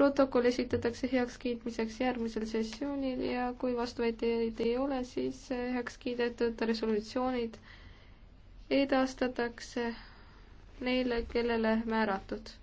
protokoll esitatakse heakskiitmiseks järgmisel sessioonil ja kui vastuväiteid ei ole, siis heaks kiidetud resolutsioonid edastatakse neile, kellele määratud